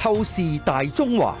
透視大中華。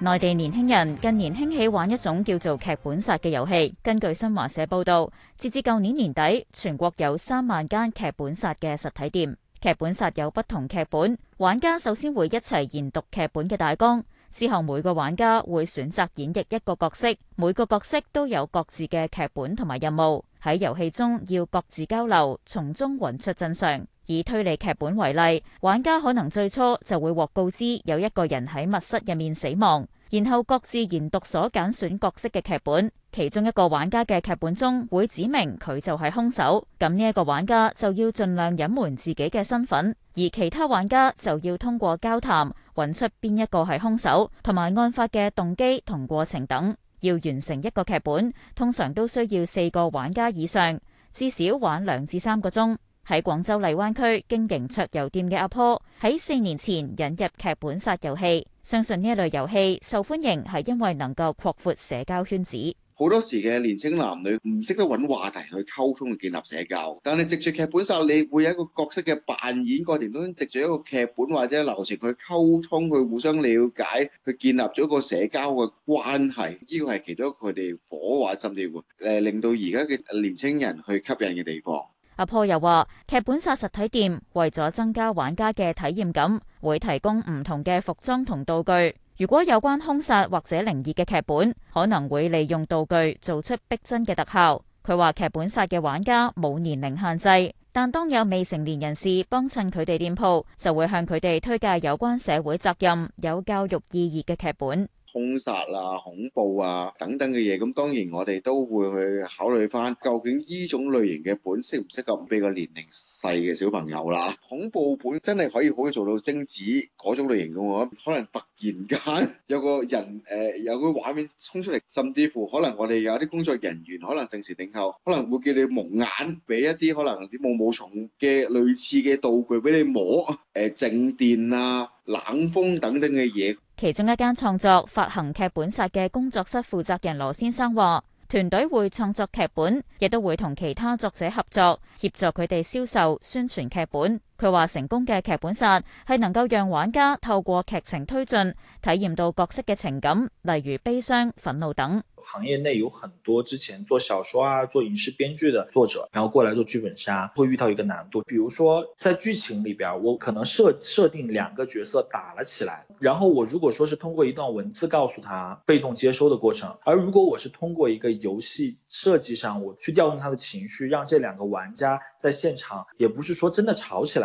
內地年輕人近年興起玩一種叫做劇本殺嘅遊戲。根據新華社報道，截至舊年年底，全國有三萬間劇本殺嘅實體店。劇本殺有不同劇本，玩家首先會一齊研讀劇本嘅大綱，之後每個玩家會選擇演繹一個角色，每個角色都有各自嘅劇本同埋任務。喺遊戲中要各自交流，從中揾出真相。以推理劇本為例，玩家可能最初就會獲告知有一個人喺密室入面死亡，然後各自研讀所揀選角色嘅劇本。其中一個玩家嘅劇本中會指明佢就係兇手，咁呢一個玩家就要盡量隱瞞自己嘅身份，而其他玩家就要通過交談揾出邊一個係兇手，同埋案發嘅動機同過程等。要完成一個劇本，通常都需要四個玩家以上，至少玩兩至三個鐘。喺廣州荔灣區經營桌遊店嘅阿坡喺四年前引入劇本殺遊戲，相信呢一類遊戲受歡迎係因為能夠擴闊社交圈子。好多時嘅年青男女唔識得揾話題去溝通，去建立社交，但係藉住劇本殺，你會有一個角色嘅扮演過程當中，藉住一個劇本或者流程去溝通，去互相了解，去建立咗一個社交嘅關係。呢個係其中佢哋火話，甚至會誒令到而家嘅年青人去吸引嘅地方。阿婆又話：劇本殺實體店為咗增加玩家嘅體驗感，會提供唔同嘅服裝同道具。如果有關兇殺或者靈異嘅劇本，可能會利用道具做出逼真嘅特效。佢話劇本殺嘅玩家冇年齡限制，但當有未成年人士幫襯佢哋店鋪，就會向佢哋推介有關社會責任、有教育意義嘅劇本。兇殺啊、恐怖啊等等嘅嘢，咁當然我哋都會去考慮返，究竟呢種類型嘅本適唔適合俾個年齡細嘅小朋友啦？恐怖本真係可以好做到貞子嗰種類型嘅話，可能突然間有個人誒有個畫面衝出嚟，甚至乎可能我哋有啲工作人員可能定時定候可能會叫你蒙眼，俾一啲可能啲毛毛蟲嘅類似嘅道具俾你摸，誒靜電啊、冷風等等嘅嘢。其中一間創作發行劇本殺嘅工作室負責人羅先生話，團隊會創作劇本，亦都會同其他作者合作，協助佢哋銷售、宣傳劇本。佢話成功嘅劇本殺係能夠讓玩家透過劇情推進，體驗到角色嘅情感，例如悲傷、憤怒等。行業內有很多之前做小說啊、做影視編劇的作者，然後過來做劇本殺，會遇到一個難度。比如說在劇情裏邊，我可能設設定兩個角色打了起來，然後我如果說是通過一段文字告訴他被動接收的過程，而如果我是通過一個遊戲設計上，我去調動他的情緒，讓這兩個玩家在現場，也不是說真的吵起來。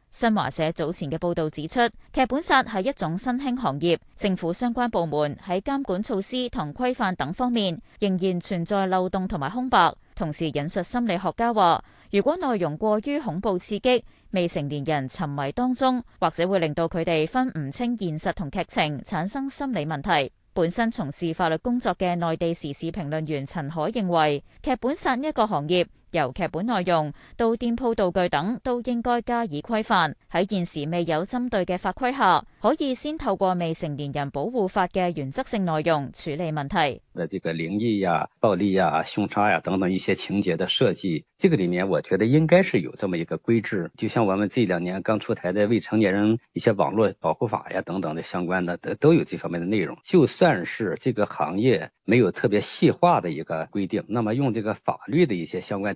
新華社早前嘅報道指出，劇本殺係一種新興行業，政府相關部門喺監管措施同規範等方面仍然存在漏洞同埋空白。同時，引述心理學家話，如果內容過於恐怖刺激，未成年人沉迷當中，或者會令到佢哋分唔清現實同劇情，產生心理問題。本身從事法律工作嘅內地時事評論員陳海認為，劇本殺呢一個行業，由劇本內容到店鋪道具等都應該加以規範。喺現時未有針對嘅法規下，可以先透過未成年人保護法嘅原則性內容處理問題。那這個靈異呀、暴力呀、啊、兇殺呀、啊、等等一些情節嘅設計，這個裏面我覺得應該是有這麼一個規制。就像我們這兩年剛出台的未成年人一些網絡保護法呀、啊、等等的相關的，都有這方面的內容。就算是這個行業沒有特別細化的一個規定，那麼用這個法律的一些相關。